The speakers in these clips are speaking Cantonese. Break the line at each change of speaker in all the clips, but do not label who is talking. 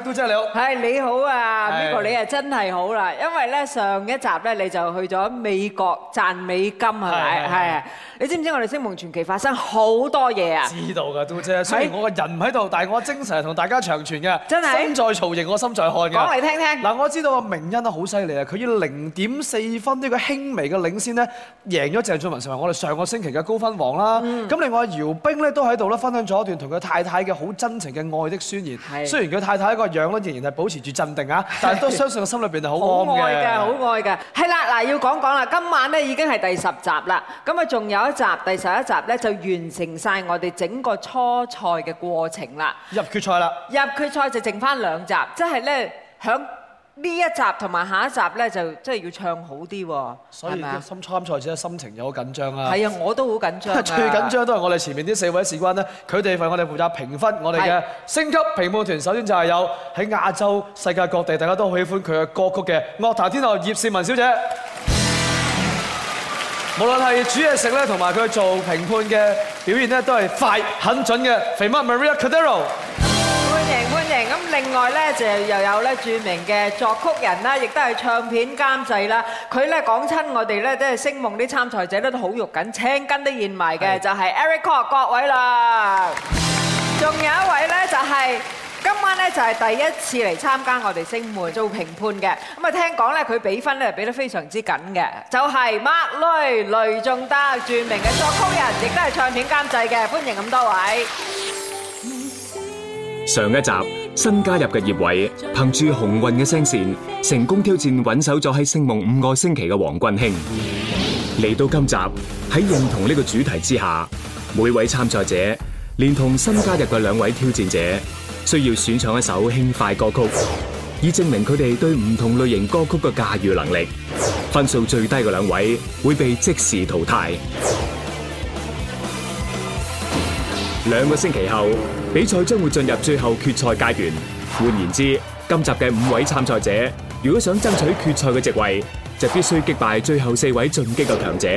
都姐你好，係你好啊，Michael，你係真係好啦，因為咧上一集咧你就去咗美國賺美金係咪？係，你知唔知我哋《星夢傳奇》發生好多嘢啊？知
道噶，都姐，雖然我個人唔喺度，但係我精神係同大家長存嘅，真係身在曹營我心在漢嘅。講嚟聽聽。嗱，我知道啊，明恩都好犀利啊，佢以零點四分呢個輕微嘅領先咧，贏咗鄭俊弘成為我哋上個星期嘅高分王啦。咁另外姚兵咧都喺度咧，分享咗一段同佢太太嘅好真情嘅愛的宣言。雖然佢太太個個樣咧仍然係保持住鎮定啊，但係都相信個心裏邊係好安嘅。好愛嘅，好
愛嘅。係啦，嗱，要講講啦，今晚咧已經係第十集啦，咁啊仲有一集，第十一集咧就完成晒我哋整個初賽嘅過程啦，入決賽啦，入決賽就剩翻兩集，即係咧響。呢一集同埋下一集咧，就真係要唱好啲喎，所以係
咪啊？參賽者心情有冇緊張啊？係啊，
我都好緊張，啊。最緊
張都係我哋前面啲四位視覺咧，佢哋為我哋負責評分我哋嘅星級評判團。是首先就係有喺亞洲世界各地大家都好喜歡佢嘅歌曲嘅樂壇天后葉蒨文小姐。無論係煮嘢食咧，同埋佢做評判嘅表現咧，都係快、狠、準嘅。肥媽 Maria Cordero。
咁另外咧就又有咧著名嘅作曲人啦，亦都係唱片監製啦。佢咧講親我哋咧，即係星夢啲參賽者咧都好肉緊，青筋都現埋嘅，是就係 Eric Kwok 各位啦。仲 有一位咧就係、是、今晚咧就係第一次嚟參加我哋星夢做評判嘅。咁啊聽講咧佢比分咧比得非常之緊嘅，就係 Mark 雷雷仲德，著名嘅作曲人，亦都係唱片監製嘅，歡迎咁多位。
上一集。新加入嘅葉暐憑住鴻運嘅聲線，成功挑戰穩守咗喺星夢五個星期嘅王君馨。嚟到今集，喺認同呢個主題之下，每位參賽者連同新加入嘅兩位挑戰者，需要選唱一首輕快歌曲，以證明佢哋對唔同類型歌曲嘅駕馭能力。分數最低嘅兩位會被即時淘汰。兩個星期後。比賽將會進入最後決賽階段。換言之，今集嘅五位參賽者，如果想爭取決賽嘅席位，就必須擊敗最後四位進擊嘅強者。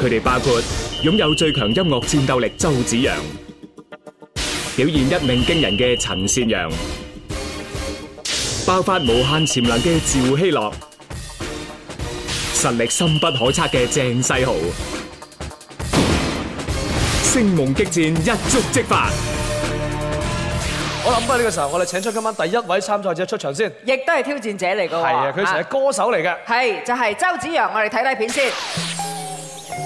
佢哋包括擁有最強音樂戰鬥力周子揚，表現一鳴驚人嘅陳善陽，爆發無限潛能嘅趙希洛，實力深不可測嘅鄭世豪，星夢激戰一觸即發。咁啊！
呢個時候，我哋請出今晚第一位參賽者出場先，
亦都係挑戰者嚟㗎。係啊，佢成日
歌手嚟嘅。
係就係、是、周子揚，我哋睇睇片先。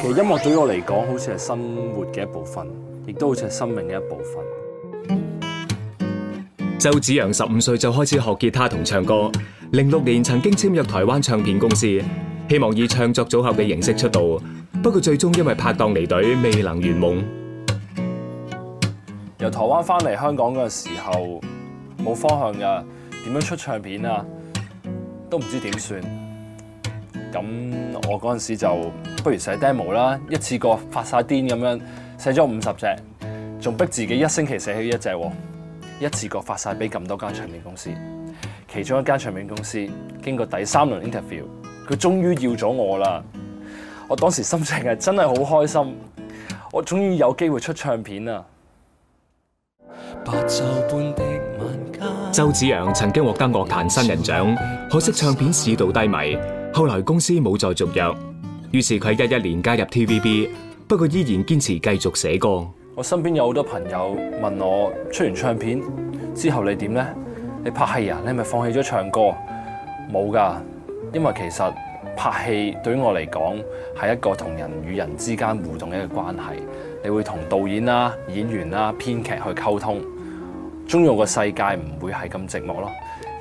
其
實音樂對我嚟講，好似係生活嘅一部分，亦都好似係生命嘅一部分。
周子揚十五歲就開始學結他同唱歌，零六年曾經簽約台灣唱片公司，希望以唱作組合嘅形式出道，不過最終因為拍檔離隊，未能圓夢。
由台灣翻嚟香港嘅時候，冇方向㗎，點樣出唱片啊，都唔知點算。咁我嗰陣時就不如寫 demo 啦，一次過發晒癲咁樣寫咗五十隻，仲逼自己一星期寫起一隻，一次過發晒俾咁多間唱片公司。其中一間唱片公司經過第三輪 interview，佢終於要咗我啦。我當時心情係真係好開心，我終於有機會出唱片啦。
周子揚曾經獲得樂壇新人獎，可惜唱片市道低迷，後來公司冇再續約，於是佢一一年加入 TVB，不過依然堅持繼續寫歌。
我身邊有好多朋友問我出完唱片之後你點呢？你拍戲啊？你係咪放棄咗唱歌？冇噶，因為其實拍戲對於我嚟講係一個同人與人之間互動嘅關係，你會同導演啦、啊、演員啦、啊、編劇去溝通。中意嘅世界唔會係咁寂寞咯，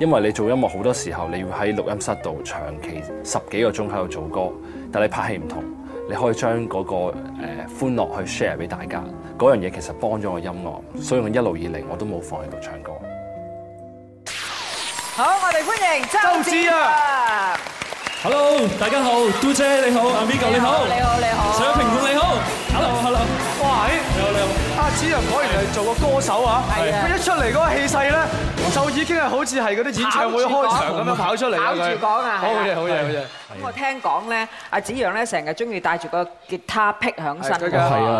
因為你做音樂，好多時候你要喺錄音室度長期十幾個鐘喺度做歌，但你拍戲唔同，你可以將嗰個誒歡樂去 share 俾大家，嗰樣嘢其實幫咗我音樂，所以我一路以嚟我都冇放喺度唱歌。
好，我哋歡迎周子揚
啊！Hello，大家好，嘟姐你好 m i g o 你好，你好你好，小平哥你好，Hello
Hello，哇！阿子陽果然嚟做個歌手啊，佢一出嚟嗰個氣勢咧就已經係好似係嗰啲演唱會開場咁樣跑出嚟嘅，啊。好嘢，好嘢，好嘢。
咁我聽講咧，阿子陽咧成日中意帶住個吉他 pick 響身嘅。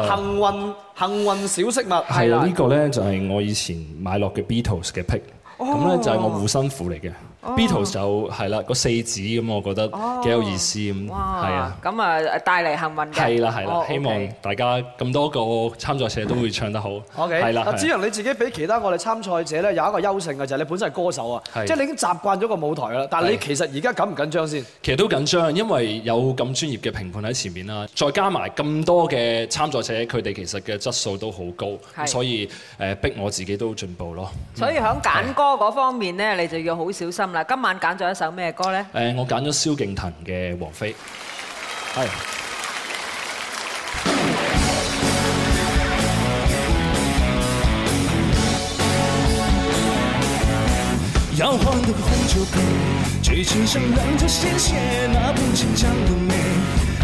幸運幸運小飾物，係呢，這個
咧就係我以前買落嘅 Beatles 嘅 pick，咁，哦，咧就係、是、我護身符嚟嘅。Bto 就係啦，個四指咁，我覺得幾有意思咁，係、哦、啊，
咁啊帶嚟幸運啦，係啦係啦，希望
大家咁多個參賽者都會唱得好。OK，係啦。阿子揚
你自己俾其他我哋參賽者咧有一個優勝嘅就係你本身係歌手啊，即係、就是、你已經習慣咗個舞台啦。但係你其
實而家緊唔緊張先？其實都緊張，因為有咁專業嘅評判喺前面啦，再加埋咁多嘅參賽者，佢、oh. 哋其實嘅質素都好高，所以誒逼我自己都進步咯。所以喺揀歌
嗰方面咧，你就要好小心。嗱，今晚揀咗一首咩歌呢？
誒，我揀咗蕭敬騰嘅《王
妃》。係。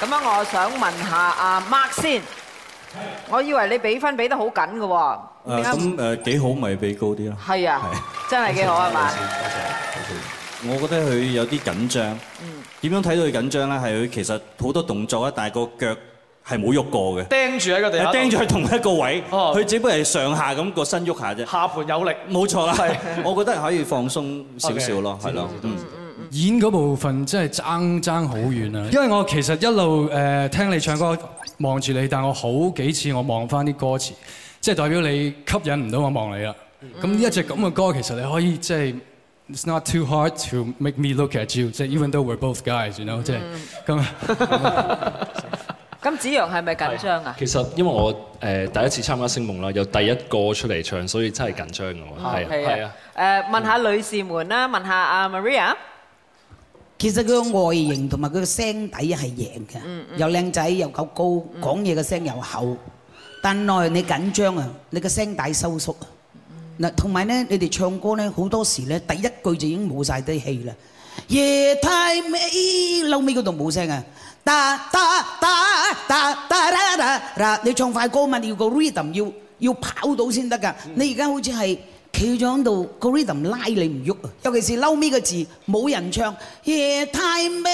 咁樣我想問下阿 Mark 先，我以為你俾分俾得好緊㗎喎。誒咁
誒幾好咪俾高啲咯？係
啊，真係幾好係嘛？
我覺得佢有啲緊張。點樣睇到佢緊張咧？係佢其實好多動作啊，但係個腳係冇喐過嘅。釘住喺一個地方。釘住喺同一個位。哦。佢只不過係上下咁個身喐下啫。下盤有力，冇錯啦。係。我覺得可以放鬆少少咯，係咯，嗯。
演嗰部分真係爭爭好遠啊！因為我其實一路誒聽你唱歌，望住你，但我好幾次我望翻啲歌詞，即係代表你吸引唔到我望你啦。咁呢一隻咁嘅歌，其實你可以即係 It's not too hard to make
me look at you，即係 Even though we're both guys，你知啦，即係咁。
咁子揚係咪緊張啊？
其實因為我誒第一次參加星夢啦，有第一個出嚟唱，
所以真係緊張嘅喎。係啊
誒，問下女士們啦，問下阿 Maria。
其實佢個外形同埋佢個聲底係贏嘅，又靚仔又夠高，講嘢嘅聲又厚。但耐你緊張啊，你個聲底收縮啊。嗱，同埋咧，你哋唱歌咧好多時咧，第一句就已經冇曬啲氣啦。夜太美，撈尾嗰度冇聲啊。噠噠噠噠噠啦！你唱快歌嘛，你要個 rhythm 要要跑到先得㗎。你而家好似係。企咗喺度，個 rhythm 拉你唔喐啊！尤其是嬲尾嘅字，冇人唱夜太美，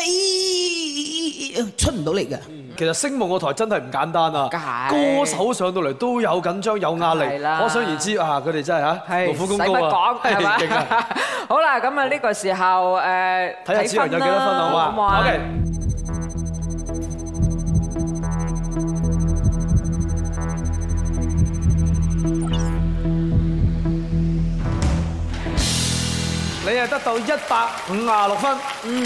出唔到嚟㗎。其實星
夢個台真係唔簡單啊！歌手上到嚟都有緊張有壓力，可想而知啊！佢哋真係嚇，勞苦功高啊，係咪？
好啦，咁啊呢個時候誒，睇下子揚有幾多分好嘛？OK。
得到一百五啊
六分，嗯。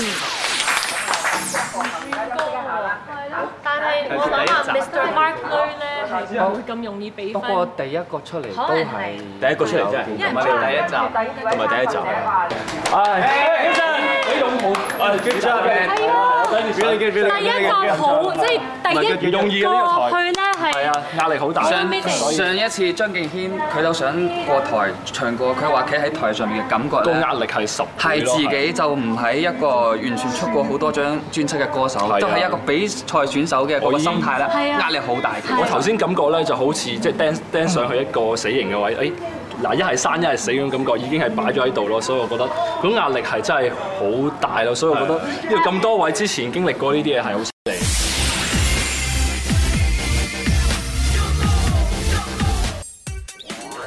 唔算高係啦，但係我想問 Mr Mark Lee 咧，係會咁容易俾分？不過第一個出嚟都係第一個出嚟真係，同埋第一集，同埋第一集。
種好，
係啊！第一個好，即係
第一個容易呢個台咧係，係啊，壓力好大。上上一次張敬軒佢都想過台唱過，佢話企喺台上面嘅感覺都壓力係十，係自己就唔
係一個完全出過好多張專輯嘅歌手，都係、就是、一個比賽選手嘅個心態啦，壓力好大。我頭先感覺咧就好似即係釘釘上去一個死刑嘅位，哎。嗱，一係生一係死嗰種感覺已經係擺咗喺度咯，所以我覺得嗰壓力係真係好大咯，所以我覺得呢個咁多位之前經歷過呢啲嘢係好犀利。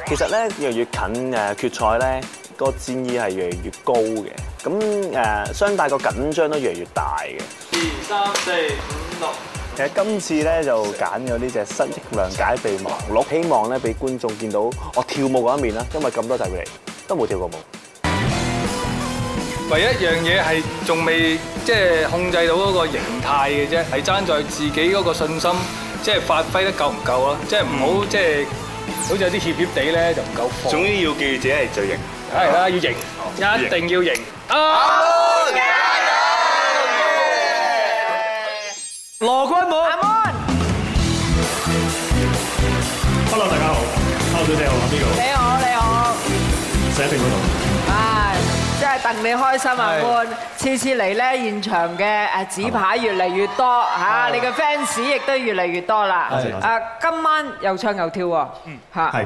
其實
咧越嚟越近誒決賽咧，個戰意係越嚟越高嘅，咁誒雙打個緊張都越嚟越大嘅。二
三四五六。
誒今次咧就揀咗呢隻新力量減肥舞，希望咧俾觀眾見到我跳舞嗰一面啦。因為咁多集嚟都冇跳過舞，
唯一一樣嘢係仲未即係控制到嗰個形態嘅啫，係爭在自己嗰個信心，即係發揮得夠唔夠咯？即係唔好即係好似有啲怯怯地咧，就唔夠放。總之要
記住自己係最型，
係啊，要型，一定要型。
羅鈞滿，阿
moon，hello
大家好，hello 你好啊呢個，你好你好，石平嗰度。
係，真係戥你開心啊 moon，次次嚟咧現場嘅誒紙牌越嚟越多嚇，你嘅 fans 亦都越嚟越多啦，誒今晚又唱又跳喎，嚇，係，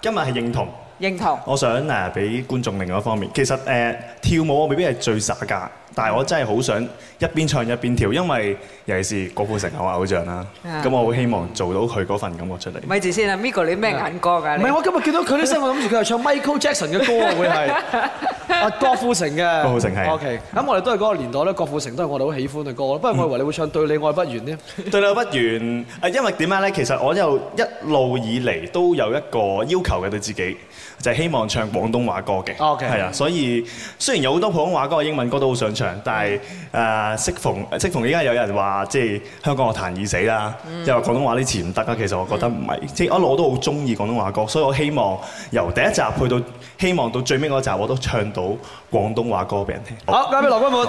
今日係認同，認同，
我想誒俾觀眾另外一方面，其實誒跳舞未必係最渣㗎。但係我真係好想一邊唱一邊跳，因為尤其是郭富城係我偶像啦，咁我好希望做到佢嗰份感覺出嚟。咪
住先啊，Miko，你咩眼光啊？唔係，我今日見到佢啲聲，
我諗住佢係唱 Michael Jackson
嘅歌啊，會係
阿郭富城嘅。郭富城係。OK，
咁我哋都係嗰個年代咧，郭富城都係我哋好喜歡嘅歌咯。不過我以為你會唱對你愛不完咧。對你愛不完，啊，因為點解咧？其實我又一路以嚟都有一個要求嘅對自己。就係、希望唱廣東話歌嘅，係啊，所以雖然有好多普通話歌、英文歌都好想唱，但係誒，適逢適逢依家有人話即係香港樂壇已死啦，又、嗯、話廣東話啲詞唔得啊，其實我覺得唔係，即係一路我都好中意廣東話歌，所以我希望由第一集配到希望到最尾嗰集我都唱到廣東話歌俾人聽。
好，交俾羅鈞滿。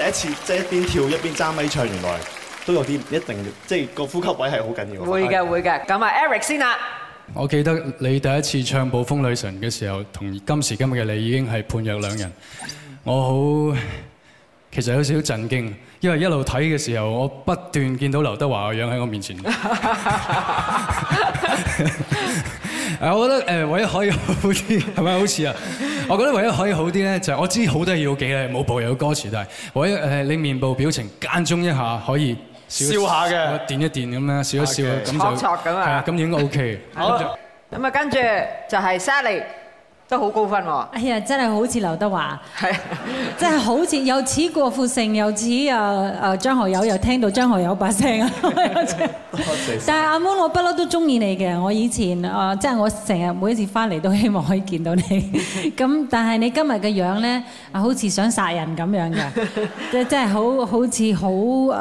第一次即係一邊跳一邊揸咪唱，原來都有啲一定，即係個呼吸位係好緊要。會
嘅會嘅，咁啊 Eric 先啦。
我記得你第一次唱《暴風女神》嘅時候，同今時今日嘅你已經係判若兩人我我好其實有少少震驚，因為一路睇嘅時候，我不斷見到劉德華個樣喺我面前。 誒，我覺得誒，唯一可以好啲係咪好似啊？ 我覺得唯一可以好啲咧，就係我知好多嘢要記咧，冇部有歌詞，但係唯一誒，你面部表情間中一下可以笑一笑，笑一下嘅，點一點咁咧，笑一笑咁就係啊，咁應該 OK。好，
咁啊，跟住就係 Sally。都好高分喎！
哎呀，真係好似劉德華，係，真係好似又似郭富城，又似啊啊張學友，又聽到張學友把聲啊。但係阿 Moon，我不嬲都中意你嘅。我以前啊，即係我成日每一次翻嚟都希望可以見到你。咁但係你今日嘅樣咧，啊好似想殺人咁樣嘅，即係即係好好似好誒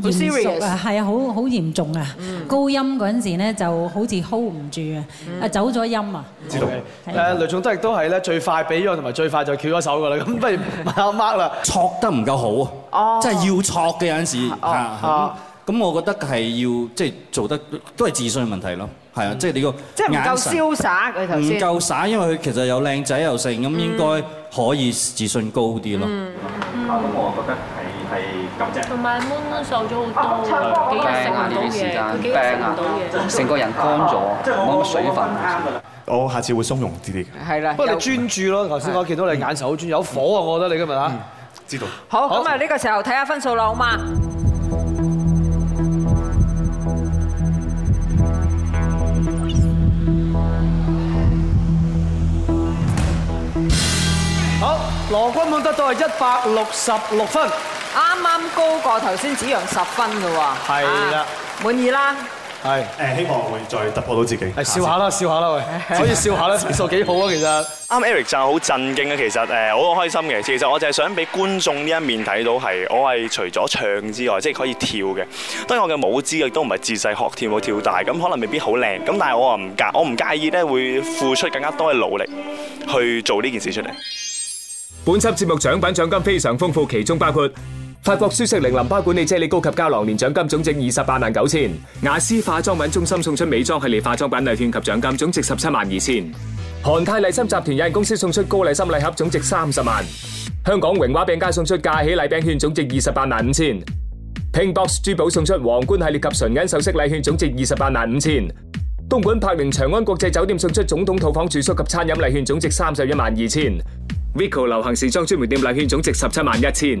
嚴肅啊，係啊，好好嚴重啊。高音陣時咧，就好似 hold 唔住啊，啊走咗音啊。知道誒，雷總。
都都係咧，最快俾咗，同埋最快就翹咗手噶啦。咁 不如問下 Mark 啦。挫得唔夠好
啊！哦、oh.，即係要挫嘅有陣時咁、oh. oh. 我覺得係要即係、就是、做得都係自信問題咯。係啊、mm.，即係你個即係唔夠瀟
唔夠瀟
灑，因為佢其實又靚仔又性，咁、mm. 應該可以自信高啲咯。咁我覺
得
係係急隻。同埋 Moon Moon 瘦咗好多，幾日食唔到
嘢啊，成個人乾咗，冇、啊、乜、就是、水分。
我下次會鬆容啲啲
嘅。係啦，不過你
專注咯。頭先我見到你眼神好專注，有火啊！我覺得你今日嚇、嗯，知道。
好，咁啊呢個時候睇下分數啦，好嗎？
好，羅鈞滿得到咗一百六十六分，
剛剛剛分，啱啱高過頭先子揚十分嘅喎。係啦，滿意啦。
係誒，希望會再突破到自己。下笑下啦，笑下啦，喂！可以笑下
啦，情緒幾好啊 其，其實。啱 Eric 就好震驚啊，其實誒，我好開心嘅。其實我就係想俾觀眾呢一面睇到，係我係除咗唱之外，即係可以跳嘅。當然我嘅舞姿亦都唔係自細學跳舞跳大，咁可能未必好靚。咁但係我啊唔介，我唔介意咧，會付出更加多嘅努力去做呢件事出嚟。
本輯節目獎品獎金非常豐富，其中包括。法國舒適玲淋巴管理啫喱高級膠囊，年獎金總值二十八萬九千。雅思化妝品中心送出美妝系列化妝品禮券及獎金總值十七萬二千。韓泰麗心集團有限公司送出高麗心禮盒總值三十萬。香港榮華餅家送出嫁喜禮餅券總值二十八萬五千。Pingbox 珠寶送出皇冠系列及純銀首飾禮券總值二十八萬五千。東莞柏寧長安國際酒店送出總統套房住宿及餐飲禮券總值三十一萬二千。Vico 流行時裝專門店禮券總值十七萬一千。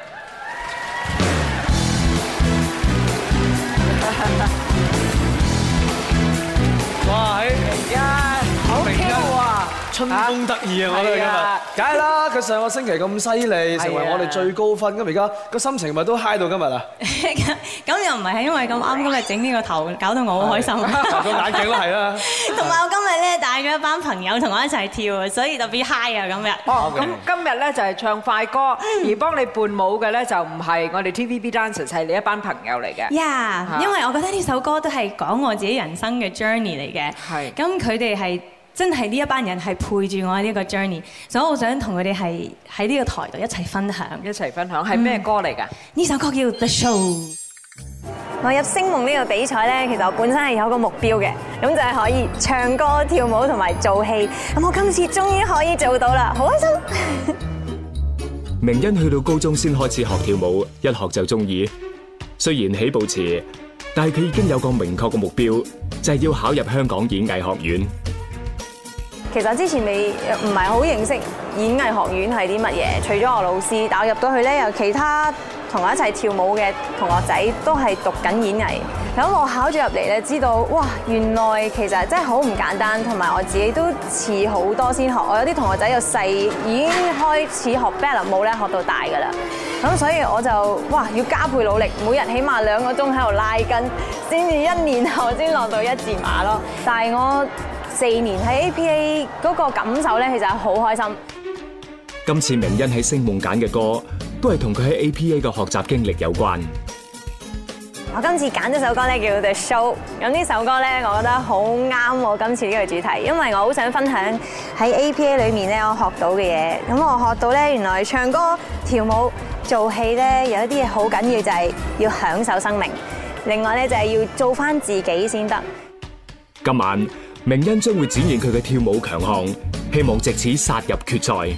春風得意啊！我覺得今日，梗係啦，佢上個星期咁犀利，成為我哋最高分咁，而家個心情咪都嗨到今日啊！
咁又唔係係因為咁啱今日整呢個頭，搞到我好開心，戴咗眼鏡都係啦。
同埋我今日咧帶咗一班朋友同我一齊跳，啊，所以特別嗨啊！今日哦，咁今日咧就係唱快歌，而幫你伴舞嘅咧就唔係我哋 TVB dancers，係你一班朋友嚟嘅。呀，因為我
覺得呢首歌都係講我自己人生嘅 journey 嚟嘅。係，咁佢哋係。真係呢一班人係陪住我呢個 journey，所以我想同佢哋係喺呢個台度一齊分，分享，一齊分享係咩歌嚟㗎？呢、
嗯、首歌叫《The Show》。
我入星夢呢個比賽呢，其實我本身係有個目標嘅，咁就係、是、可以唱歌、跳舞同埋做戲。咁我今次終於可以做到啦，好開心！
明恩去到高中先開始學跳舞，一學就鍾意。雖然起步遲，但係佢已經有個明確嘅目標，就係、是、要考入香港演藝學院。
其實之前未唔係好認識演藝學院係啲乜嘢，除咗我老師，但我入到去咧，有其他同我一齊跳舞嘅同學仔都係讀緊演藝。咁我考咗入嚟咧，知道哇，原來其實真係好唔簡單，同埋我自己都遲好多先學。我有啲同學仔又細已經開始學芭蕾舞咧，學到大噶啦。咁所以我就哇，要加倍努力，每日起碼兩個鐘喺度拉筋，先至一年後先落到一字馬咯。但係我。四年喺 APA 嗰個感受咧，其實係好開心。
今次明恩喺星夢揀嘅歌，都係同佢喺 APA 嘅學習經歷有關。
我今次揀咗首歌咧叫《The Show》，咁呢首歌咧，我覺得好啱我今次呢個主題，因為我好想分享喺 APA 裏面咧我學到嘅嘢。咁我學到咧，原來唱歌、跳舞、做戲咧，有一啲嘢好緊要就係要享受生命。另外咧，就係要做翻自己先得。
今晚。明恩將會展現佢嘅跳舞強項，希望藉此殺入決賽。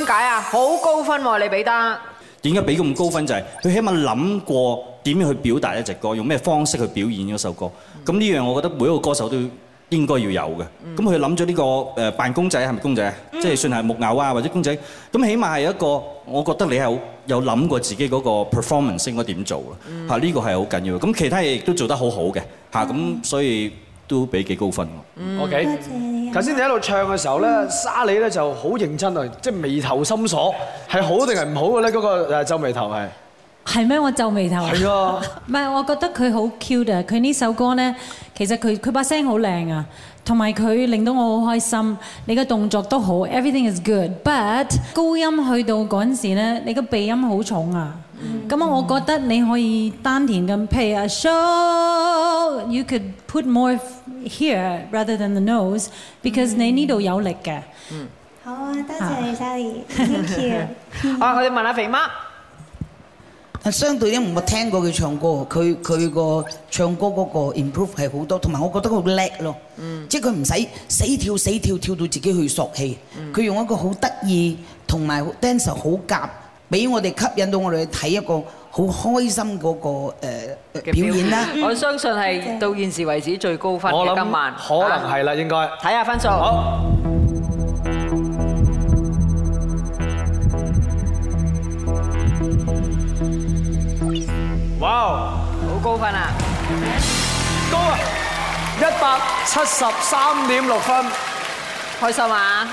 點解啊？好高分喎，你俾得
點解俾咁高分？就係佢起碼諗過點樣去表達呢隻歌，用咩方式去表演嗰首歌。咁呢樣我覺得每一個歌手都應該要有嘅。咁佢諗咗呢個誒扮公仔係咪公仔？即係算係木偶啊或者公仔。咁起碼係一個，我覺得你有有諗過自己嗰個 performance 應該點做啊？嚇，呢個係好緊要。咁其他嘢亦都做得好好嘅嚇，咁所以都俾幾高分喎。
OK，多謝。頭先你喺度唱嘅時候咧，沙莉咧就好認真啊，即係眉頭深鎖，係好定係唔好嘅咧？嗰個誒皺眉頭係
係咩？我皺眉頭係啊，唔係，我覺得佢好 cute 啊，佢呢首歌咧，其實佢佢把聲好靚啊，同埋佢令到我好開心，你嘅動作都好，everything is good，but 高音去到嗰陣時咧，你嘅鼻音好重啊。咁啊，我覺得你可以單田咁，譬如啊，show you could put more here rather than the nose，because 你呢度有力嘅。嗯。
好啊，多謝你，嘉儀。Thank you。好，我哋問下肥媽。
啊，相對應我聽過佢唱歌，佢佢個唱歌嗰個 improve 係好多，同埋我覺得佢好叻咯。嗯。即係佢唔使死跳死跳跳到自己去索氣，佢用一個好得意同埋 dancer 好夾。俾我哋吸引到我哋去睇一個好開心嗰個誒表演啦！我
相信係到現時為止最高分，我諗今晚，可能係啦，應該睇下分數。好，哇！好高分啊！高啊！一百七十三點六分，開心呀？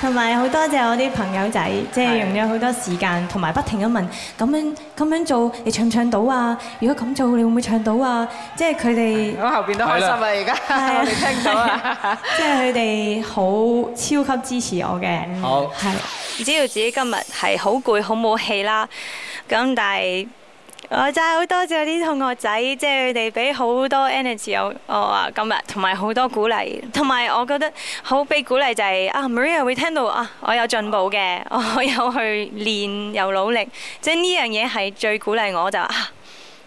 同埋好多謝我啲朋友仔，即係用咗好多時間，同埋不停咁問，咁樣咁樣做，你唱唔唱到啊？如果咁做，你會唔會唱到啊？即係佢哋，我後邊都開心啊，而家我哋聽到了，即係佢哋好超級支持我嘅。好，係，知道自己今日係好攰、好冇氣啦，咁但係。我真係好多謝啲同學仔，即係佢哋俾好多 energy 我，我話今日同埋好多鼓勵，同埋我覺得好俾鼓勵就係啊 Maria 會聽到啊，我有進步嘅，我有去練又努力，即係呢樣嘢係最鼓勵我就啊，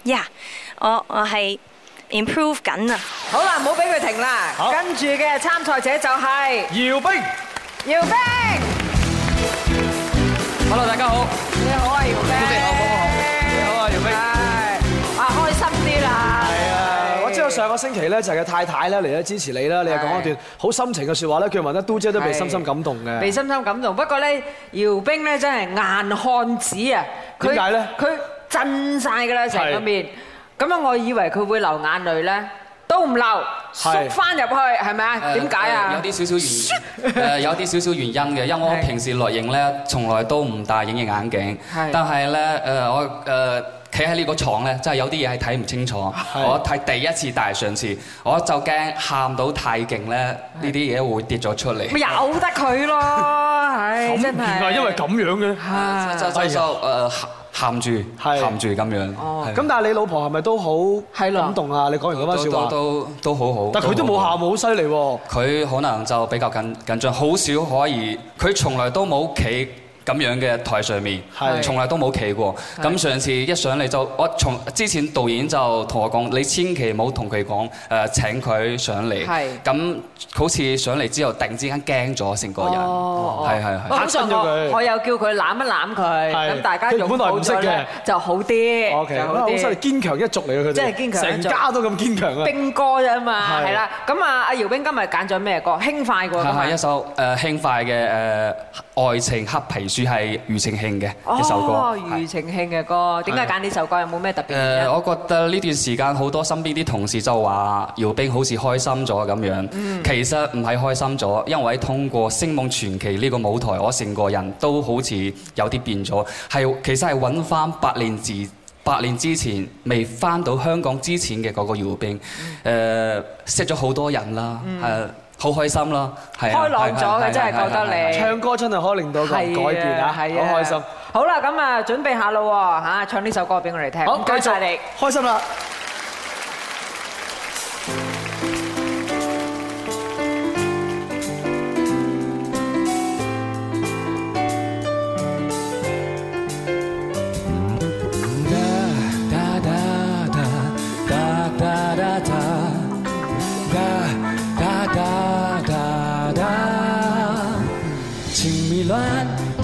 呀，我我係 improve 緊啊！
好啦，唔好俾佢停啦，跟住嘅參賽者就係姚兵。
姚兵
Hello 大家好，你好啊姚兵。
下個星期咧就係嘅太太咧嚟咧支持你啦，你又講一段好深情嘅説話咧，佢問得都姐都被深深感動嘅，被深
深感動。不過咧，姚兵咧真係硬漢子啊！點解咧？佢震曬嘅啦，成個面。咁樣我以為佢會流眼淚咧，都唔流，縮翻入去，係咪啊？點解啊？有啲
少少原因，有啲少少原因嘅，因為我平時落影咧，從來都唔戴隱形眼鏡，但係咧，誒我誒。企喺呢個廠呢，真係有啲嘢係睇唔清楚。我睇第一次大嘅上次，我就驚喊到太勁呢，呢啲嘢會跌咗出嚟。咪由
得佢囉，係真係。原來係因
為咁樣嘅。
就就就
喊住，喊住咁樣。哦。咁
但係你老婆係咪都好感動呀？你講完嗰班笑話都。都
都好好。好但佢
都冇喊，好犀利喎。
佢可能就比較緊緊張，好少可以。佢從來都冇企。咁樣嘅台上面，從來都冇企過。咁上次一上嚟就，我從之前導演就同我講，你千祈冇同佢講，誒請佢上嚟。咁好似上嚟之後，突然之間驚咗成個人，係係係嚇親咗佢。我又
叫佢攬一攬佢，咁大家融好咗咧，就好啲。OK，好犀利，
堅強一族嚟嘅。佢真係堅強，成家都咁堅強啊！兵
歌啫嘛，係啦。咁啊啊姚兵今日揀咗咩歌？輕快嘅喎。係係一
首誒輕快嘅誒愛情黑皮住係庾澄慶嘅一首歌，
庾澄慶嘅歌，點解揀呢首歌？有冇咩特別咧？誒，我
覺得呢段時間好多身邊啲同事就話，姚兵好似開心咗咁樣。其實唔係開心咗，因為通過星夢傳奇呢個舞台，我成個人都好似有啲變咗。係，其實係揾翻八年之八年之前未翻到香港之前嘅嗰個姚兵。誒，識咗好多人啦，係。好開心啦，開朗咗嘅，真係覺得你唱歌真係可以令到佢改變啊，好開心。
好啦，咁啊準備下啦喎，吓，唱呢首歌俾我哋聽，多謝你，開心啦。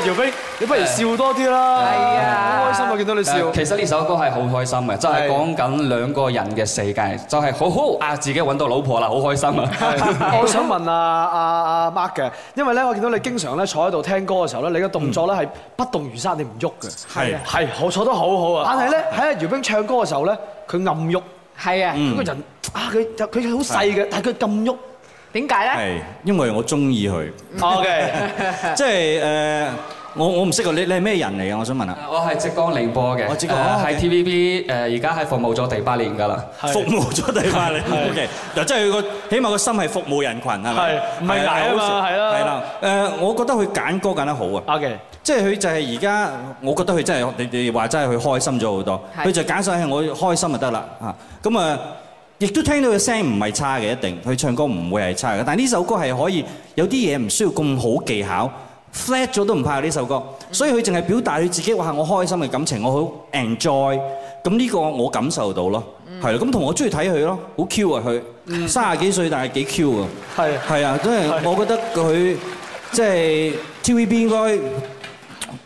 姚兵，你不如笑多啲啦！係啊，好開心啊，見到你笑。其實呢首歌係好開心嘅，就係講緊兩個人嘅世界，係就係、係、好好啊，自己揾到老婆啦，好開心啊！ 我想
問啊，阿、啊、阿、啊、Mark 嘅，因為咧我見到你經常咧坐喺度聽歌嘅時候咧，你嘅動作咧係不動如山，你唔喐嘅。係係，我坐得好好啊。係但係咧，喺阿姚兵唱歌嘅時候咧，佢暗喐。
係啊，佢個人啊，
佢佢好細嘅，但係佢咁喐。點解咧？係
因為我中意佢。O K，即
係誒，我我唔識你，你係咩人嚟嘅？我想問下。我係浙江寧波嘅。我浙江，我係 T V B 誒，而家係服務咗第八年㗎啦。服務咗第八年，O K，即係佢個，起碼個心係服務人羣係咪？係，唔係大好嘛，係咯。係啦，誒，我
覺得佢揀歌揀得好啊。O K，即係佢就係而家，我覺得佢真係你你話真係佢開心咗好多。佢就揀上去，我開心就得啦嚇。咁啊～亦都聽到嘅聲唔係差嘅，一定佢唱歌唔會係差嘅。但係呢首歌係可以有啲嘢唔需要咁好技巧，flat 咗都唔怕呢首歌。所以佢淨係表達佢自己，話我開心嘅感情，我好 enjoy。咁呢個我感受到咯，係咯。咁同我中意睇佢咯，好 Q 啊佢。三十幾歲但係幾 Q 啊，係係啊。真係，我覺得佢即係 TVB 應該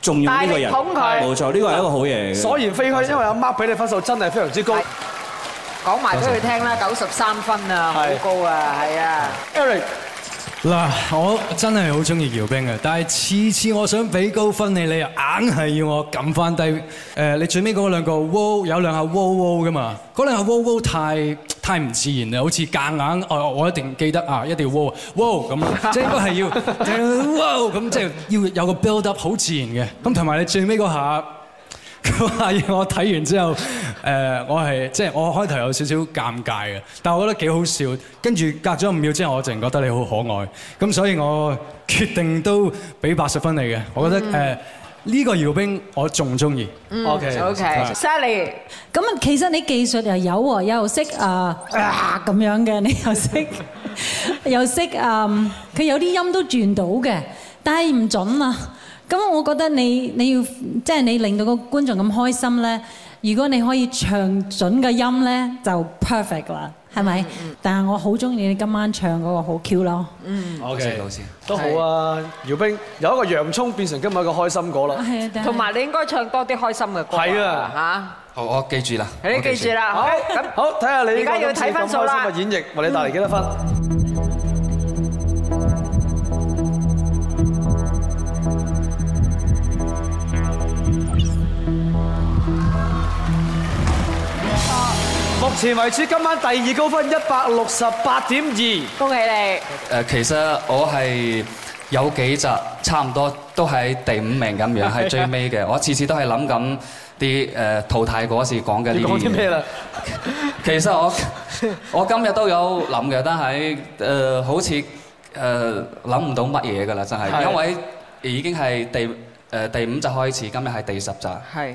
重用呢個人。大啲捧係冇錯，呢個係一個好嘢。所
言非虛，因為阿 Mark 俾你分數真係非常之高。
講
埋俾佢聽啦，九十三分啊，好高啊，係啊，Eric。嗱，我真係好中意姚兵嘅，但係次次我想俾高分你，你又硬係要我撳翻低。誒，你最尾嗰兩個 wo 有兩下 wo wo 㗎嘛？嗰兩下 wo wo 太太唔自然啦，好似夾硬，硬。哦，我一定記得啊，一定要 wo wo 咁即係應該係要，wo 咁，即、就、係、是、要，要有個 build up 好自然嘅。咁同埋你最尾嗰下。係， 我睇完之後，誒，就是、我係即係我開頭有少少尷尬嘅，但係我覺得幾好笑。跟住隔咗五秒之後，我淨覺得你好可愛。咁所以我決定都俾八十分你嘅，我覺得誒呢、嗯嗯、個姚兵我仲中意。OK
OK，Sally 咁啊，其實你技術有又有又識啊咁樣嘅，你又識 又識啊，佢、um，有啲音都轉到嘅，但係唔準嘛。咁我覺得你你要即係、就是、你令到個觀眾咁開心咧，如果你可以唱準嘅音咧就 perfect 啦，係咪？但係我好中意你今晚唱嗰個好 cute 咯。嗯
，O.K. 都好啊，姚兵，有一個洋葱變成今日一個開心果啦。係，
同埋你應該唱多啲開心嘅歌。係啊，嚇。
好，我記住啦。你記住啦，好。
咁好，睇下你呢個次咁開心嘅
演繹，我你帶嚟幾多分？
為止今晚第二高分一百六十八點二，恭喜你。誒，其實我係有幾集差唔多都係第五名咁樣，係最尾嘅。我次次都係諗緊啲誒淘汰嗰時講嘅啲。講啲咩啦？其實我我今日都有諗嘅，但係誒、呃、好似誒諗唔到乜嘢㗎啦，真係，因為已經係第。誒第五集開始，今日係第十集，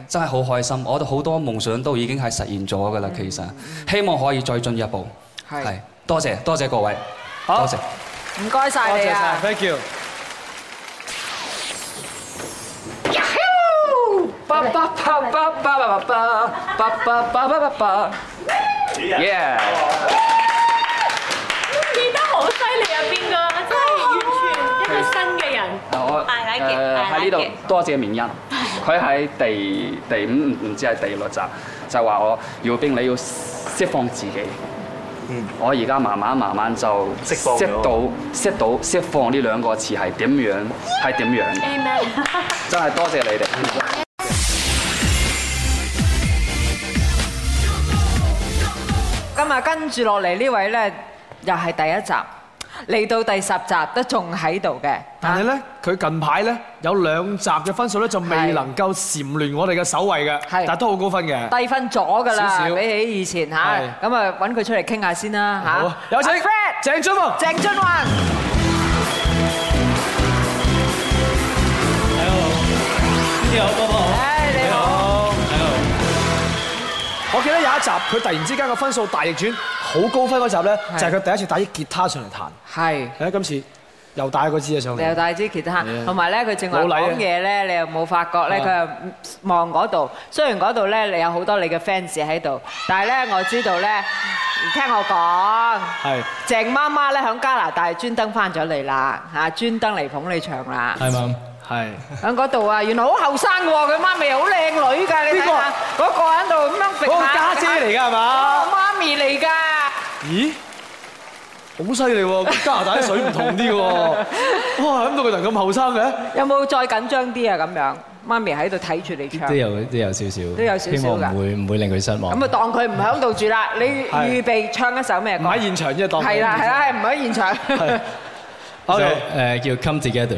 真係好開心。我哋好多夢想都已經係實現咗嘅啦，其實希望可以再進一步。係，多謝多謝各位，多謝
唔該晒，多謝晒。Thank you。
誒喺呢度多謝明恩，佢喺第第五唔知係第六集，就話我姚兵你要釋放自己。嗯，我而家慢慢慢慢就釋釋到釋到釋放呢兩個詞係點樣？係點樣嘅
？Yeah.
真係多謝，謝你哋。
今日跟住落嚟呢位咧，又係第一集。.嚟到第十集都仲喺度嘅，但係咧佢
近排咧有兩集嘅分數咧就未能夠蟬聯我哋嘅首位嘅，但都好高分嘅，低
分咗㗎啦少少，比起以前嚇。咁啊揾佢出嚟傾下先啦嚇，有請 Fred 鄭俊弘。鄭俊弘，你
好，歡迎你，有冇抱抱？
我記得有一集，佢突然之間個分數大逆轉，好高分嗰集咧，係就係佢第一次帶啲結他上嚟彈。係。誒，今次又帶嗰支嘢上嚟。又帶
支結他，同埋咧佢正話講嘢咧，你又冇發覺咧，佢又望嗰度。雖然嗰度咧你有好多你嘅 fans 喺度，但係咧我知道咧，聽我講。係。鄭媽媽咧響加拿大專登返咗嚟啦，嚇專登嚟捧你場啦。係嘛？係喺嗰度啊！原來好後生㗎喎，佢媽咪好靚女㗎，你睇下嗰個喺度咁樣。嗰個家姐嚟㗎係嘛？媽咪嚟㗎。
咦？好犀利喎！加拿大啲水唔同啲㗎喎。哇！諗到佢人咁後生
嘅。有冇再緊張啲啊？咁樣媽咪喺度睇住你唱。都
有都有少少。都有少少。希
望唔
會唔會令佢失望。咁
啊，當佢唔喺度住啦，你預備唱一首咩歌？唔喺現場，即係當。係啦係啦，唔喺現場。
好嘅，誒叫 Come Together。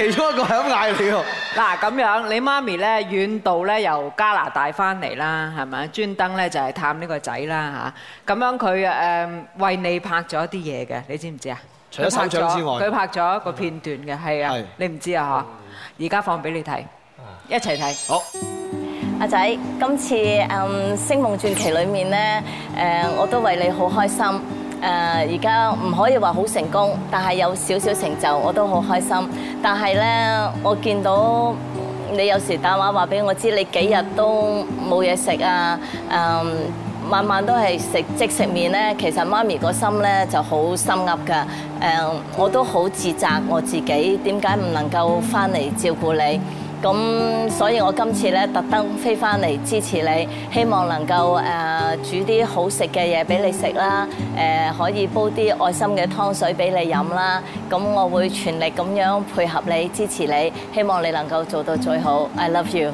其中一個係咁
嗌你喎！嗱，咁樣你媽咪咧遠道咧由加拿大翻嚟啦，係咪啊？專登咧就係探呢個仔啦嚇。咁樣佢誒為你拍咗啲嘢嘅，你知唔知啊？除咗手掌之外，佢拍咗一個片段嘅，係啊，你唔知啊嗬？而家放俾你睇，一齊睇。好，
阿仔，今次誒《星夢傳奇》裏面咧誒，我都為你好開心。誒而家唔可以話好成功，但係有少少成就我都好開心。但係呢，我見到你有時打電話話俾我知你幾日都冇嘢食啊，呃、晚晚都係食即食麵呢。其實媽咪個心呢就好心噏㗎。誒、呃，我都好自責我自己點解唔能夠翻嚟照顧你。咁所以我今次咧特登飛翻嚟支持你，希望能夠誒、呃、煮啲好食嘅嘢俾你食、呃、啦，誒可以煲啲愛心嘅湯水俾你飲啦。咁我會全力咁樣配合你支持你，希望你能夠做到最好。I love you、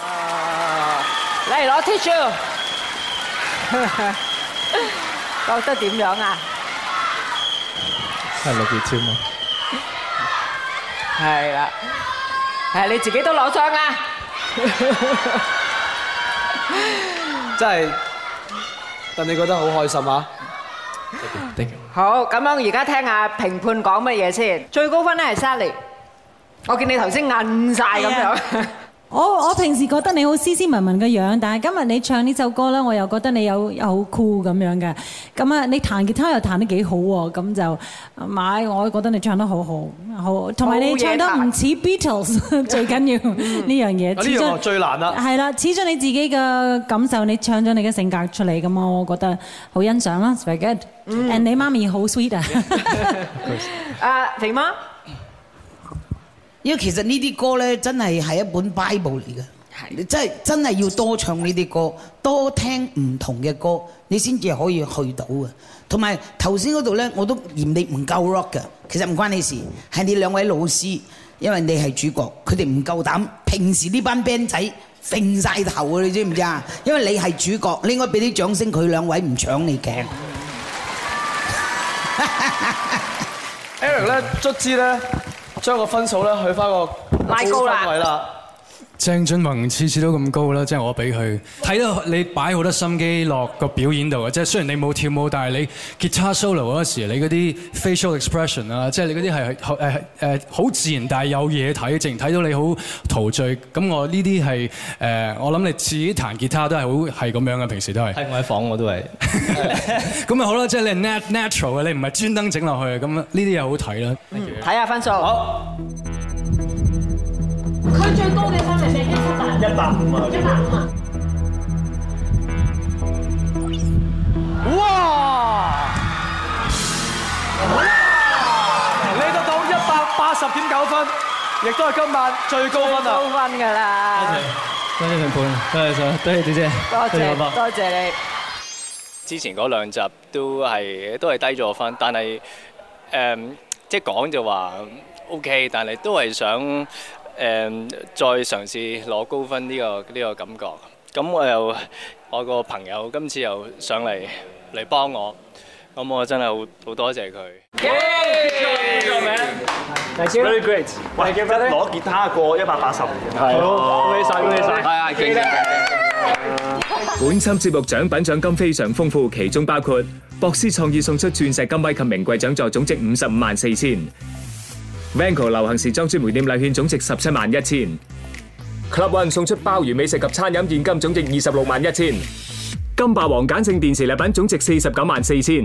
uh。
嚟攞 T 恤，覺 得點樣啊
？I love you too。
係啦。係你自己都攞獎啊！真係，
但你覺得好開心啊？
好，咁樣而家聽下評判講乜嘢先？最高分咧係 Sally，我見你頭先硬晒咁樣。
我我平時覺得你好斯斯文文嘅樣，但係今日你唱呢首歌咧，我又覺得你有有好酷咁樣嘅。咁啊，你彈吉他又彈得幾好喎？咁就買，我覺得你唱得好好，好同埋你唱得唔似 Beatles 最緊要呢樣嘢。始、嗯、終、啊、最難啦。係啦，始、啊、終、啊、你自己嘅感受，你唱咗你嘅性格出嚟咁，我覺得好欣賞啦。嗯、And very good，and 你媽咪好 sweet 啊、
嗯。
啊，肥媽。
因為其實呢啲歌呢，真係係一本 Bible 嚟嘅，係，你真係真係要多唱呢啲歌，多聽唔同嘅歌，你先至可以去到啊。同埋頭先嗰度呢，我都嫌你唔夠 rock 嘅，其實唔關你事，係你兩位老師，因為你係主角，佢哋唔夠膽。平時呢班 band 仔擲晒頭啊，你知唔知啊？因為你係主角，你應該俾啲掌聲，佢兩位唔搶你嘅。
Eric 呢，
卒之呢。將個分數咧，去翻個高分位啦。
鄭俊弘次次都咁高啦，即係我俾佢睇到你擺好多心機落個表演度嘅，即係雖然你冇跳舞，但係你吉他 solo 嗰時你嗰啲 facial expression 啦，即係你嗰啲係好自然，但係有嘢睇，正睇到你好陶醉。咁我呢啲係誒，我諗你自己彈吉他都係好係咁樣嘅，平時都係。喺我喺房我都係。咁 啊 好啦，即係你 natural 嘅，你唔係專登整落去咁，呢啲又好睇啦。睇下分數。好。
高嘅分
係，
一百五啊！一百五啊！哇！你得到一百八十點九分，亦都係今晚最高分啊！最高分㗎喇！
多謝評判，多謝晒，多謝姐姐，多謝
多謝你。
之前嗰兩集都係都係低咗分，但係誒即講
就話 OK，但係都係想。誒，再嘗試攞高分呢個呢個感覺。咁我又我個朋友今次又上嚟
嚟幫我。咁我真係好好多謝佢。
Very great！喂，一攞結他過一百八十。係。恭喜
曬，恭喜曬。係，係勁。
本輯節目獎品獎金非常豐富，其中包括博思創意送出鑽石金徽及名貴獎座，總值五十五萬四千。Vanco 流行時裝專門店禮券總值十七萬一千，Club One 送出鮑魚美食及餐飲現金總值二十六萬一千，金霸王鹼性電池禮品總值四十九萬四千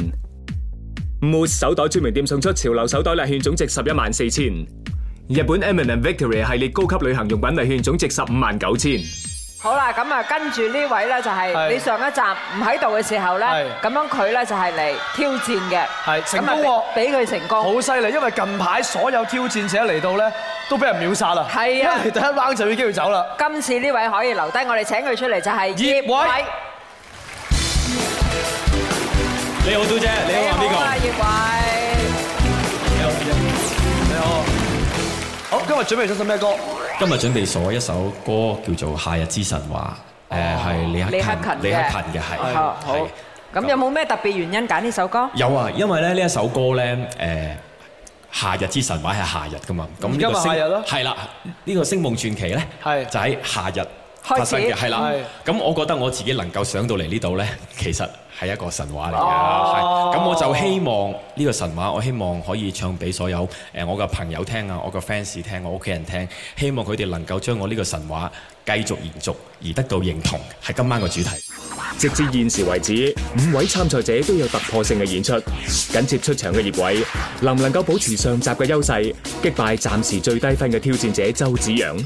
，Moose 手袋專門店送出潮流手袋禮券總值十一萬四千，日本 Eminent Victory 系列高級旅行用品禮券總值十五萬九
千。好啦，咁啊跟住呢位咧就係你上一集唔喺度嘅時候咧，咁樣佢咧就係嚟挑戰嘅，成功俾佢成功，好犀利，因為近
排所有挑戰者嚟到咧都俾人秒殺啦，係啊，第一 round 就要機會走啦。
今次呢位可以留低，我哋請佢出嚟就係葉暐。
你好，Do 姐，你好啊，呢個。你好，葉
暐。你好
，Do 姐。你好。好，今日準備咗首咩歌？今日準備咗一首歌叫做《夏日之神話》，誒係李克勤，李克勤嘅。係，係，
咁有冇咩特別原因揀呢首歌？
有啊，因為咧呢一首歌咧誒、呃《夏日之神話》係夏日噶嘛，咁夏日囉，係啦，呢、呢個星夢傳奇咧就喺夏日。發生嘅係啦，咁我覺得我自己能夠上到嚟呢度呢，其實係一個神話嚟嘅。咁、oh. 我就希望呢個神話，我希望可以唱俾所有誒我嘅朋友聽啊，我嘅 fans 聽，我屋企人聽。希望佢哋能夠將我呢個神話繼續延續而得到認同，係今晚嘅主題。直至現時為止，五
位參賽者都有突破性嘅演出。緊接出場嘅葉暐，能唔能夠保持上集嘅優勢，擊敗暫時最低分嘅挑戰者周子揚？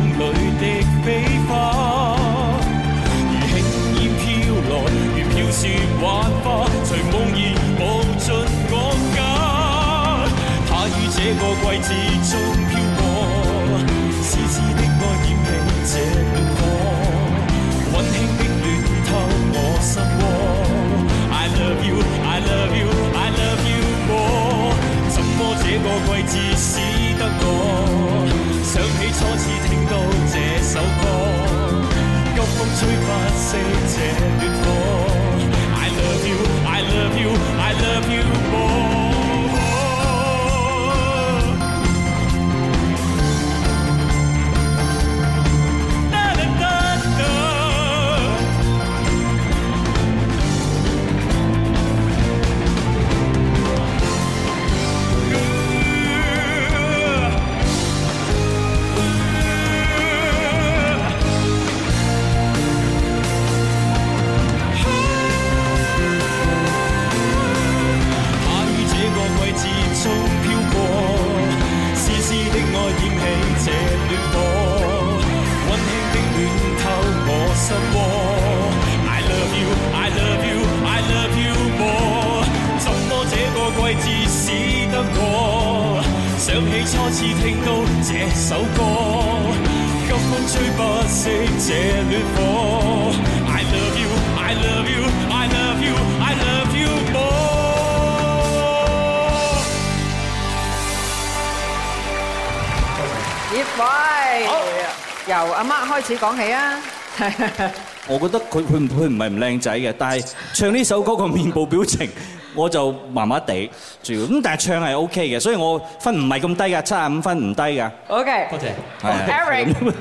我覺得佢佢佢唔係唔靚仔嘅，但係唱呢首歌個面部表情我就麻麻地住，咁但係唱係 O K 嘅，所以我分唔係
咁低噶，七十五分唔低噶。
O K，多謝。Eric，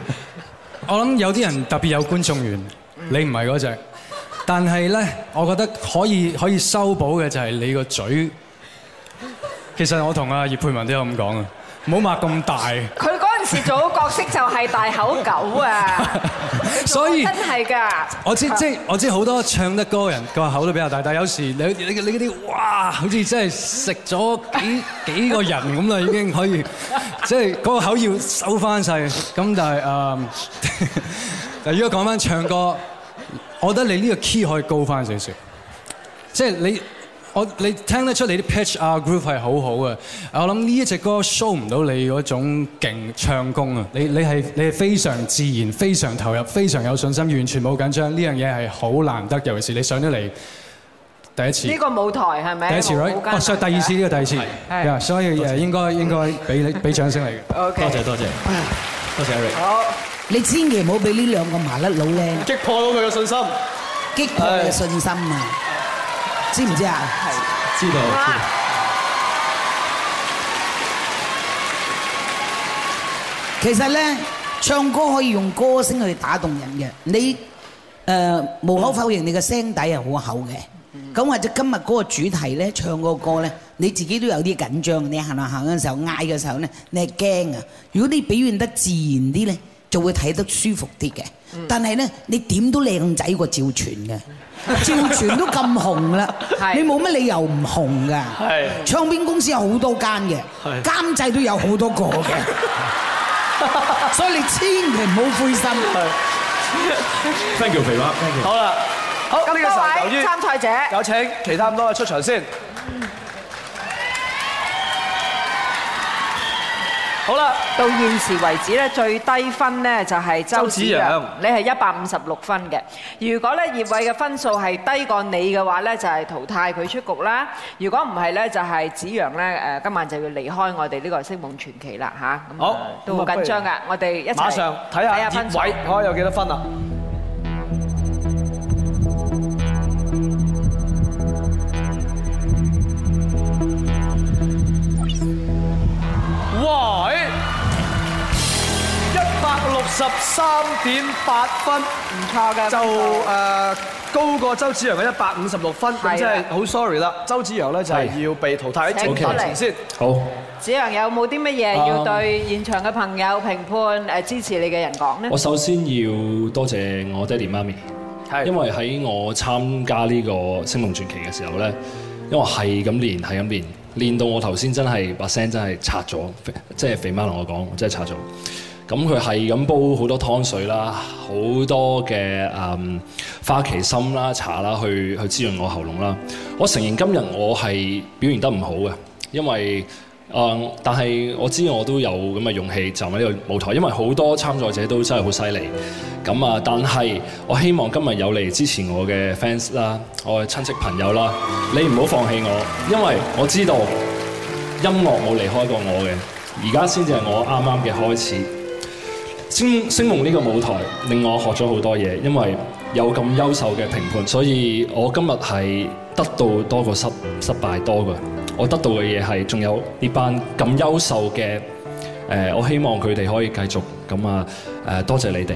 我諗有啲人特別有觀眾緣，你唔係嗰隻，但係咧，我覺得可以可以修補嘅就係你個嘴。其實我同阿葉蒨文都有咁講啊，唔好擘咁大。
最早角色就係大口狗啊，所以真係㗎。
我知即係我知好多唱得歌人個口都比較大，但係有時你你你嗰啲哇，好似真係食咗幾幾個人咁啦，已經可以即係嗰、嗰個口要收翻晒。咁但係嗯，嗱、呃、但如果講翻唱歌，我覺得你呢個 key 可以高翻少少，即係你。我你聽得出,來的 Pitch Group 是很的出你啲 pitch 啊 groove 係好好嘅，我諗呢一隻歌 show 唔到你嗰種勁唱功啊！你是你係你係非常自然、非常投入、非常有信心，完全冇緊張。呢樣嘢係好難得的，尤其是你上咗嚟第一次。呢、這個
舞台係咪？第一次，
所以、哦、第二次呢、啊這個第二次，二次所以誒應該謝謝應該俾你俾 掌聲嚟嘅。OK，多謝多謝，多謝,謝,謝,謝
Eric。好，你千祈唔好俾呢兩個麻甩佬咧，擊破到佢嘅信心，擊破佢嘅信心啊！哎知唔知啊？知道，知道。其實咧，唱歌可以用歌聲去打動人嘅。你誒無可否認，你嘅聲底係好厚嘅。咁或者今日嗰個主題咧，唱個歌咧，你自己都有啲緊張。你行下行嘅時候，嗌嘅時候咧，你係驚啊！如果你表現得自然啲咧，就會睇得舒服啲嘅，但係咧，你點都靚仔過趙傳嘅，
趙傳
都咁紅啦，你冇乜理由唔紅噶。唱片公司有好多間嘅，監製都有好多個嘅， 所以你千祈唔好灰心。
Thank you，肥媽。Thank you。好啦，好，各位參賽者，有請其他咁多位出場先。好啦，到現時為止咧，最低分咧就係周子揚，你係一百五十六分嘅。如果咧葉暐嘅分數係低過你嘅話咧，就係、是、淘汰佢出局啦。如果唔係咧，就係、是、子揚咧，誒今晚就要離開我哋呢個《星夢傳奇》啦嚇。好，都好緊張噶，我哋一齊馬上睇下葉暐，睇下有幾
多分啊？一百六十三點八分。唔錯㗎，就誒高過周子揚嘅一百五十六分，咁即係好 sorry 啦。周子揚咧就係要被淘汰，請翻嚟先。好，先好，的好
的子，子揚有冇啲乜嘢要對現場嘅朋友、評、um、判誒支持你嘅人講咧？我
首先要多謝，謝我爹哋媽咪，係，因為喺我參加呢個《星夢傳奇》嘅時候咧，因為係咁練，係咁練。練到我頭先真係把聲真係拆咗，即係肥媽同我講，我真係拆咗。咁佢係咁煲好多湯水啦，好多嘅誒、嗯、花旗參啦、茶啦，去去滋潤我喉嚨啦。我承認今日我係表現得唔好嘅，因為誒、嗯，但係我知道知我都有咁嘅勇氣站喺呢個舞台，因為好多參賽者都真係好犀利。咁啊！但係我希望今日有嚟支持我嘅 fans 啦，我嘅親戚朋友啦，你唔好放棄我，因為我知道音樂冇離開過我嘅，而家先至係我啱啱嘅開始。星夢呢個舞台令我學咗好多嘢，因為有咁優秀嘅評判，所以我今日係得到多過失失敗多嘅，我得到嘅嘢係仲有呢班咁優秀嘅誒，我希望佢哋可以繼續咁啊！誒，多謝你哋。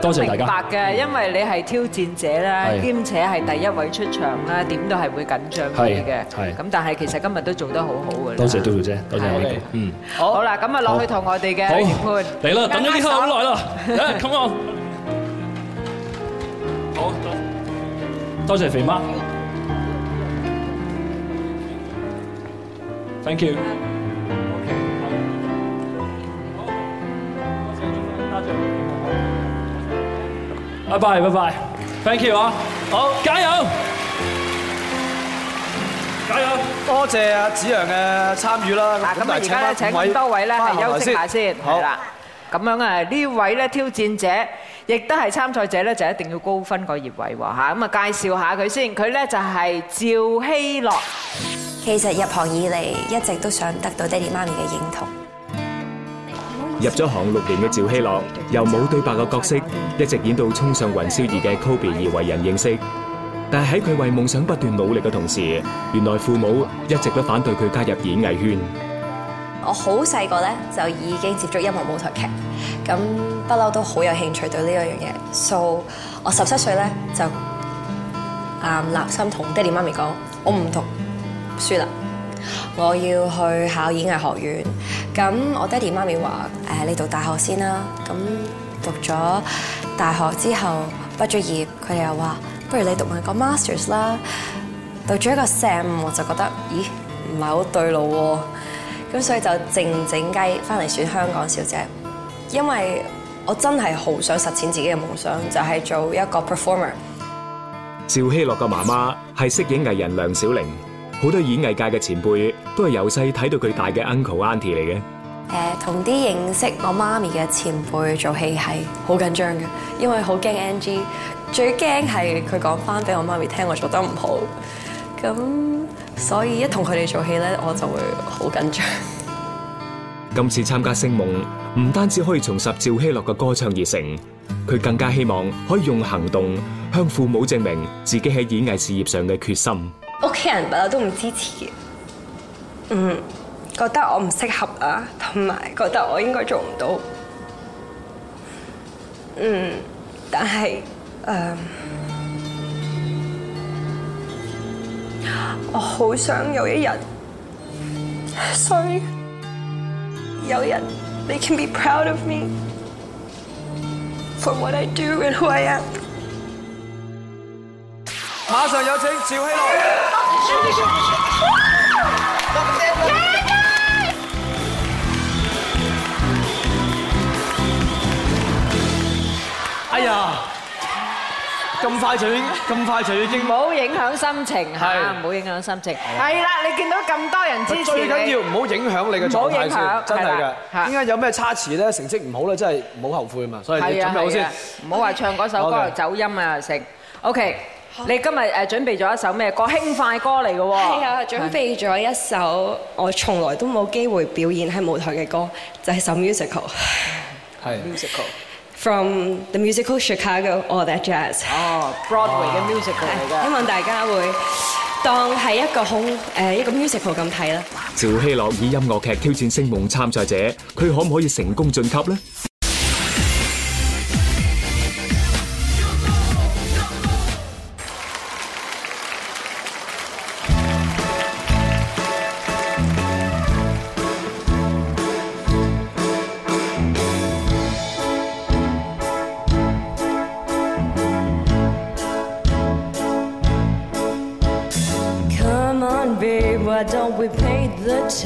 都明白嘅，因為你係挑戰者啦，兼且係第一位出場啦，點都係會緊張啲嘅。係，咁但係其實今日都做得好好嘅。多謝嘟
嘟姐，多謝我哋。嗯，
好啦，咁啊落去同我哋嘅評判
嚟啦，等咗呢刻好耐啦。誒，come on，好，多謝肥媽，thank you。拜拜，拜拜，thank you 啊，好，加油，加油
謝謝，多謝阿子揚嘅參與啦。嗱，咁而家咧，請咁多位咧係休息下
先，好、嗯、啦。咁樣啊，呢位咧挑戰者，亦都係參賽者咧，就一定要高分過葉暐吓。咁啊，介紹下佢先，佢咧就係趙希洛。其實入行以嚟，一直都想得到爹哋媽咪嘅認同。
入咗行六年嘅趙希洛，由冇對白嘅角色，一直演到衝上雲霄二嘅 Kobe 而為人認識。但係喺佢為夢想不斷努力嘅同時，原來父母一直都反對佢加入演藝圈。
我好細個咧就已經接觸音樂舞台劇，咁不嬲都好有興趣對呢一樣嘢。到我十七歲咧就啊立心爸爸媽媽同爹哋媽咪講，我唔讀書啦。我要去考演藝學院，咁我爹哋媽咪話：誒，你讀大學先啦。咁讀咗大學之後，畢咗業，佢又話：不如你讀埋個 masters 啦。讀咗一個 sam，我就覺得，咦，唔係好對路，咁所以就靜靜雞翻嚟選香港小姐，因為我真係好想實踐自己嘅夢想，就係做一個 performer。
趙希洛嘅媽媽係息影藝人梁小玲。好多演藝界嘅前輩都係由細睇到佢大嘅 uncle auntie 嚟
嘅。誒，同啲認識我媽咪嘅前輩做戲係好緊張嘅，因為好驚 NG，最驚係佢講翻俾我媽咪聽我做得唔好。咁所以一同佢哋做戲咧，我就會好緊張。
今次參加星夢，唔單止可以重拾趙希洛嘅歌唱熱誠，佢更加希望可以用行動向父母證明自己喺演藝事業上嘅決心。
屋企人本來都唔支持嘅，嗯，覺得我唔適合啊，同埋覺得我應該做唔到，嗯，但係誒，我好想有一日，sorry，有一日，they can be proud of me for what I do and who I am。馬上有請趙希洛。
哎呀！
咁快就已經咁快就已經，唔好影響心情嚇，唔好影響心情。係啦，你見到咁多人支持，最緊要唔
好影響你嘅狀態先，真係嘅。點解有咩差池咧？成績唔好咧，真係唔好後悔啊嘛。所以準備好先，唔好
話唱嗰首歌走音啊成。OK。你今日誒準備咗一首咩歌？輕快歌嚟嘅喎？係啊，準備咗一首
我從來都冇機會表演喺舞台嘅歌，就係首 musical。
係 musical。
From the musical Chicago All That Jazz。哦
，Broadway 嘅 musical
嚟嘅。希望大家會當係一個好誒一個 musical 咁睇啦。
趙希洛以音樂劇挑戰星夢參賽者，佢可唔可以成功晉級咧？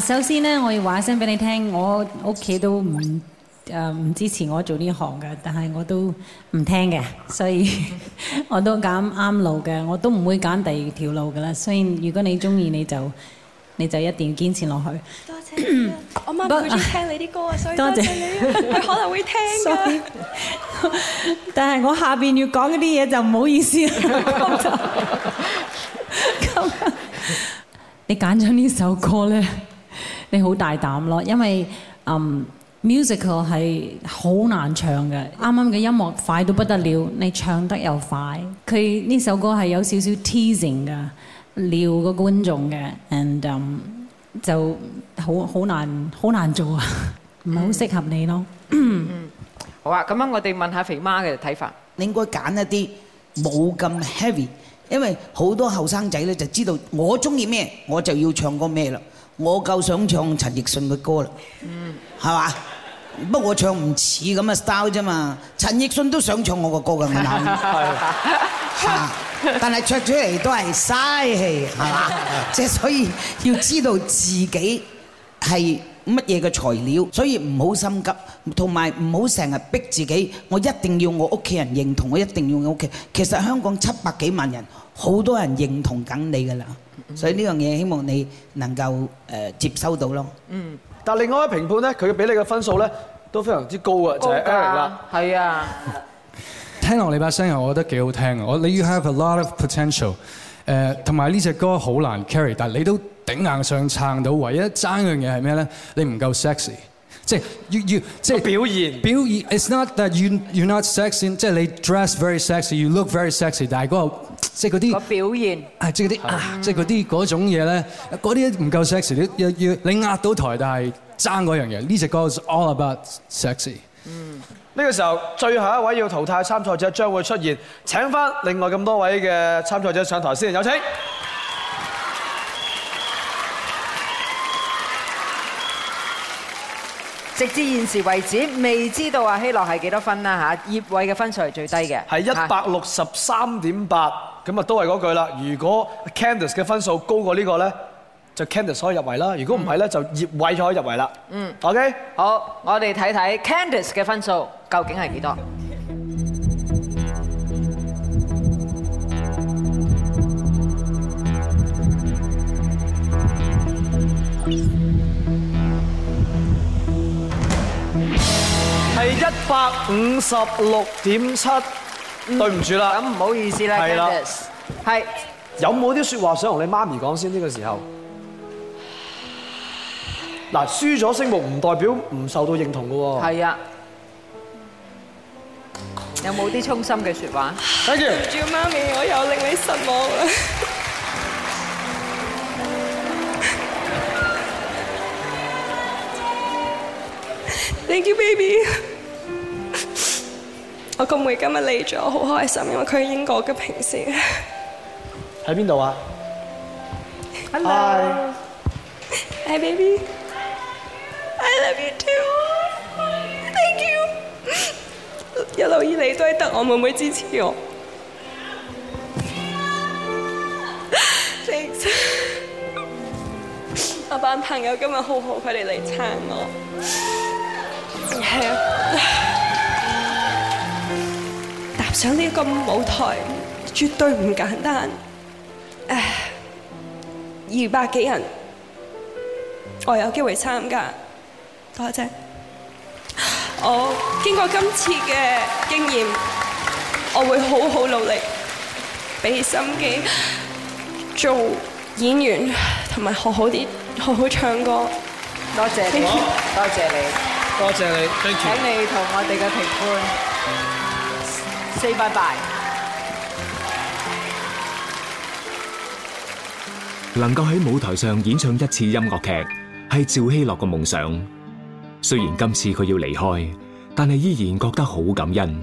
首先咧，我要話一聲俾你聽，我屋企都唔誒，唔支持我做呢行嘅，但係我都唔聽嘅，所以我都揀啱路嘅，我都唔會揀第二條路噶啦。所以如果你中意，你就你就一定要堅持落去。多謝我媽唔
會
聽你啲歌啊，所
以多謝你，佢可能會聽。但係我下邊要講嗰啲嘢就唔好意思。你揀咗呢首歌咧？你好大膽咯，因為 musical 係好難唱嘅，啱啱嘅音樂快到不得了，你唱得又快，佢呢首歌係有少少 teasing 嘅，撩個觀眾嘅，and 就好好難好難做啊，唔係好適合你咯，嗯。
好啊，咁樣我哋問下肥媽嘅睇法，你應該揀一啲冇咁 heavy，因為好多後生仔咧就知道我中意咩，我就要唱個咩啦。我夠想唱陳奕迅嘅歌啦，係、嗯、嘛？不過我唱唔似咁嘅 style 啫嘛。陳奕迅都想唱我個歌㗎，係嘛？係嘛？ 但係唱出嚟都係嘥氣，係嘛？即係 所以要知道自己係乜嘢嘅材料，所以唔好心急，同埋唔好成日逼自己。我一定要我屋企人認同，我一定要我屋企。其實香港七百幾萬人，好多人認同緊你㗎啦。所以呢樣嘢希望你能夠接收到咯。嗯，但另外一位評判咧，佢俾你嘅分數咧都非
常
之高，高、就是、啊。就係 Eric 啦，係啊。
聽落你把聲，我覺得幾好聽。我，You have a lot of potential。同埋呢隻歌好難 carry，但係你都頂硬上撐到。唯一爭嘅嘢係咩咧？你唔夠 sexy。即係要要，即係個表現。表現，It's not that you you not sexy。即係你 dress very sexy，you look very sexy。但係嗰個即係嗰啲個表現。係即係嗰啲啊，即係嗰啲嗰種嘢咧，嗰啲唔夠 sexy。要要你壓到台，但係爭嗰樣嘢。呢隻歌 is all about sexy。嗯。
呢個時候，最後一位要淘汰參賽者將會出現。請翻另外咁多位嘅參賽者上台先，有請。
直至現時為止，未知道阿希洛係幾多分啦嚇，葉暐嘅分數係最低嘅，係一百六十三
點八，咁啊都係嗰句啦。如果 Candice 嘅分數高過呢個咧，就 Candice 可以入圍啦。如果唔係咧，就葉暐就可以入圍啦。嗯，OK，
好，我哋睇睇 Candice 嘅分數究竟係幾多。嗯
五十六點七，對唔住啦，咁唔好意思啦，係啦，係，有冇啲說話想同你媽咪講先？呢個時候，嗱，輸咗星夢唔代表唔受到認同噶，係
啊，有冇啲衷心嘅說話？Thank you，對唔住媽咪，我又令你失望。
Thank you, baby。我個妹，妹今日嚟咗，我好開心，因為佢英國嘅平時喺邊度啊？Hello，Hi，Hi baby，I love you too，Thank you。一路以嚟都係得我妹妹支持我。Thanks. 我班朋友今日好好，佢哋嚟撐我。係、yeah. yeah.。上呢個舞台絕對唔簡單，唉，二百幾人我有機會參加，多謝。我經過今次嘅經驗，我會好好努力，俾心機做演員，同埋學好啲，學好唱歌。多謝你，
多謝你，多謝你，請你同我哋嘅評判。Say bye bye。
能夠喺舞台上演唱一次音樂劇是，係趙希洛嘅夢想。雖然今次佢要離開，但係依然覺得好感恩。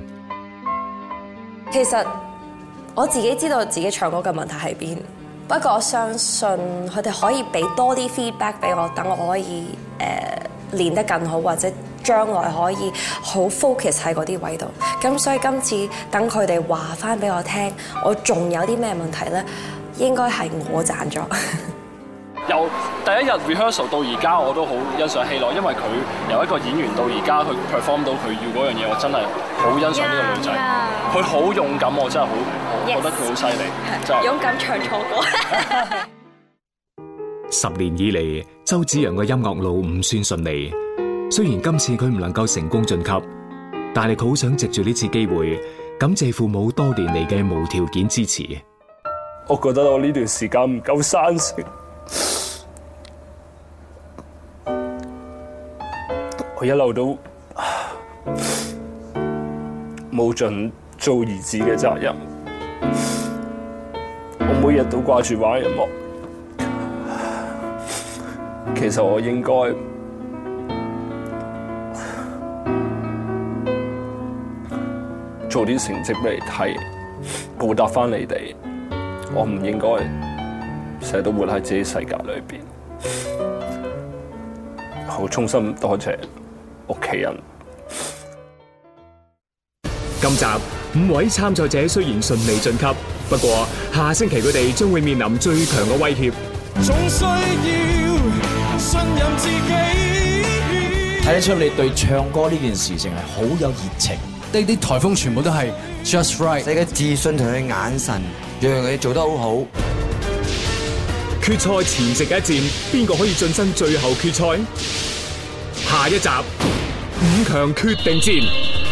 其實
我自己知道自己唱歌嘅問題喺邊，不過我相信佢哋可以俾多啲 feedback 俾我，等我可以誒練得更好，或者，將來可以好 focus 喺嗰啲位度，咁所以今次等佢哋話翻俾我聽，我仲有啲咩問題咧？應該係我賺咗。
由第一日 rehearsal 到而家，我都好欣賞希洛，因為佢由一個演員到而家去 perform 到佢要嗰樣嘢，我真係好欣賞呢個女仔。佢好勇敢，我真係好，我覺得佢好犀利。 勇
敢唱錯歌
十年以嚟，周子揚嘅音樂路唔算順利。雖然今次佢唔能夠成功晉級，但係佢好想藉住呢次機會感謝父母多年嚟嘅無條件支持。
我覺得我呢段時間唔夠生性，我一路都冇盡做兒子嘅責任。我每日都掛住玩音樂，其實我應該。做啲成績畀你睇，報答翻你哋，我唔應該成日都活喺自己世界裏邊，好衷心多謝屋企人。
今集五位參賽者雖然順利晉級，不過下星期佢哋將會面臨最強嘅威脅。
總需要信任自己。
睇得出你對唱歌呢件事情係好有熱情。呢啲台風全部都係 just right，你嘅自信同佢嘅眼神，樣樣嘢做得好好。決賽前夕嘅一戰，
邊個可以晉身最後決賽？下一集五強決定戰。